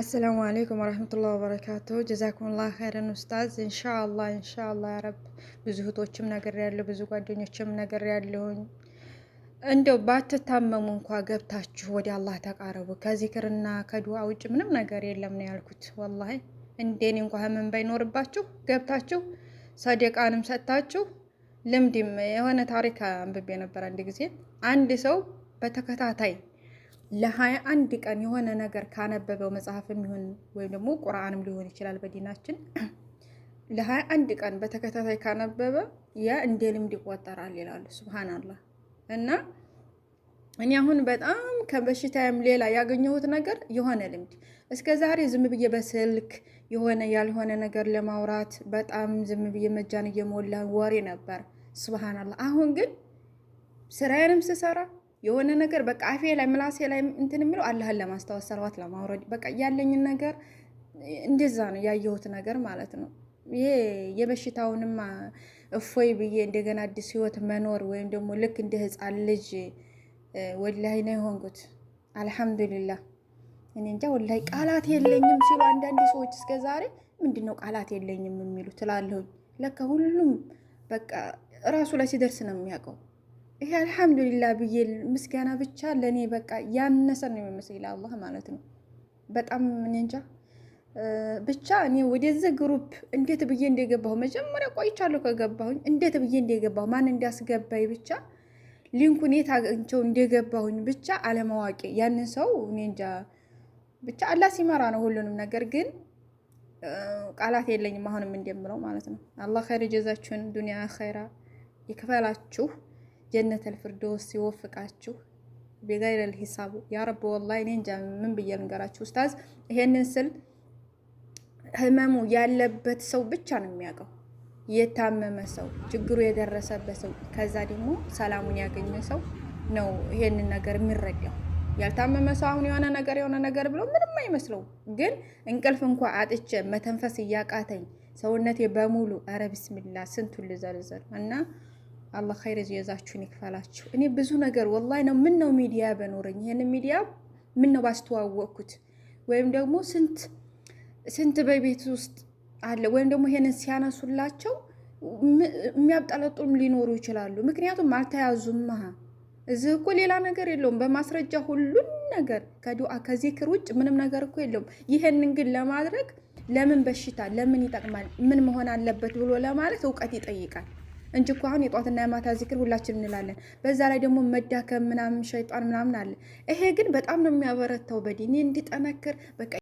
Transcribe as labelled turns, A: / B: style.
A: አሰላሙ አለይኩም ወረህመቱላሂ ወበረካቱ። ጀዛኩሙላህ ኸይረን ኡስታዝ። ኢንሻአላህ ኢንሻአላህ ያረብ። ብዙ እህቶችም ነገር ያለው ብዙ ጓደኞችም ነገር ያለውን እንደው ባትታመሙ እንኳ ገብታችሁ ወደ አላህ ተቃረቡ። ከዚክርና ከዱዓ ውጭ ምንም ነገር የለም ነው ያልኩት። ወላሂ እንደኔ እንኳ ህመም ባይኖርባችሁ ገብታችሁ ሰደቃንም ሰጥታችሁ ልምድም የሆነ ታሪክ አንብቤ ነበር አንድ ጊዜ አንድ ሰው በተከታታይ ለሀያ አንድ ቀን የሆነ ነገር ካነበበው መጽሐፍም ይሁን ወይም ደግሞ ቁርአንም ሊሆን ይችላል በዲናችን ለሀያ አንድ ቀን በተከታታይ ካነበበ ያ እንደ ልምድ ይቆጠራል ይላሉ። ሱብሃናላህ። እና እኔ አሁን በጣም ከበሽታዬም ሌላ ያገኘሁት ነገር የሆነ ልምድ እስከ ዛሬ ዝም ብዬ በስልክ የሆነ ያልሆነ ነገር ለማውራት በጣም ዝም ብዬ መጃን እየሞላ ወሬ ነበር። ሱብሃናላህ። አሁን ግን ስራዬንም ስሰራ የሆነ ነገር በቃ አፌ ላይ ምላሴ ላይ እንትን የሚለው አላህን ለማስታወስ ሰለዋት ለማውረድ በቃ ያለኝን ነገር እንደዛ ነው ያየሁት ነገር ማለት ነው። ይሄ የበሽታውንም እፎይ ብዬ እንደገና አዲስ ህይወት መኖር ወይም ደግሞ ልክ እንደ ህፃን ልጅ ወላይ ነው የሆንኩት። አልሐምዱሊላህ እኔ እንጃ ወላይ ቃላት የለኝም ሲሉ አንዳንድ ሰዎች እስከ ዛሬ ምንድን ነው ቃላት የለኝም የሚሉ ትላለሁኝ። ለካ ሁሉም በቃ እራሱ ላይ ሲደርስ ነው የሚያውቀው። ይሄ አልሐምዱሊላ ብዬ ምስጋና ብቻ ለእኔ በቃ ያነሰ ነው የሚመስል ለአላህ ማለት ነው። በጣም እኔ እንጃ ብቻ እኔ ወደዚህ ግሩፕ እንዴት ብዬ እንደገባሁ መጀመሪያ ቆይቻለሁ። ከገባሁኝ እንዴት ብዬ እንደገባሁ ማን እንዳስገባኝ ብቻ ሊንኩን የት አግኝቼው እንደገባሁኝ ብቻ አለማዋቂ ያንን ሰው እኔ እንጃ ብቻ አላህ ሲመራ ነው ሁሉንም ነገር ግን ቃላት የለኝም አሁንም እንደምለው ማለት ነው። አላህ ኸይር ጀዛችሁን ዱንያ ኸይራ ይክፈላችሁ። ጀነተል ፊርደውስ ሲወፍቃችሁ ቢገይረል ሂሳቡ ያ ረብ ወላሂ እኔ እንጃ ምን ብዬ ልንገራችሁ ኡስታዝ ይሄንን ስል ህመሙ ያለበት ሰው ብቻ ነው የሚያውቀው የታመመ ሰው ችግሩ የደረሰበት ሰው ከዛ ደግሞ ሰላሙን ያገኘ ሰው ነው ይሄንን ነገር የሚረዳው ያልታመመ ሰው አሁን የሆነ ነገር የሆነ ነገር ብሎ ምንም አይመስለው ግን እንቅልፍ እንኳ አጥቼ መተንፈስ እያቃተኝ ሰውነቴ በሙሉ ኧረ ቢስሚላ ስንቱን ልዘርዘር እና አላህ ኸይር ጀዛችሁን ይክፈላችሁ። እኔ ብዙ ነገር ወላሂ ነው። ምን ነው ሚዲያ በኖረኝ ይሄን ሚዲያ ምን ነው ባስተዋወቅኩት፣ ወይም ደግሞ ስንት ስንት በቤት ውስጥ አለ ወይም ደግሞ ይሄንን ሲያነሱላቸው የሚያብጠለጡም ሊኖሩ ይችላሉ። ምክንያቱም አልተያዙማ። እዚህ እኮ ሌላ ነገር የለውም። በማስረጃ ሁሉን ነገር ከዱዓ ከዚክር ውጭ ምንም ነገር እኮ የለውም። ይሄንን ግን ለማድረግ ለምን በሽታ ለምን ይጠቅማል ምን መሆን አለበት ብሎ ለማለት እውቀት ይጠይቃል። እንጂ እኮ አሁን የጧትና የማታ ዚክር ሁላችን እንላለን። በዛ ላይ ደግሞ መዳከም ምናምን ሸይጣን ምናምን አለ። ይሄ ግን በጣም ነው የሚያበረታው በዲኔ እንዲጠነክር በቃ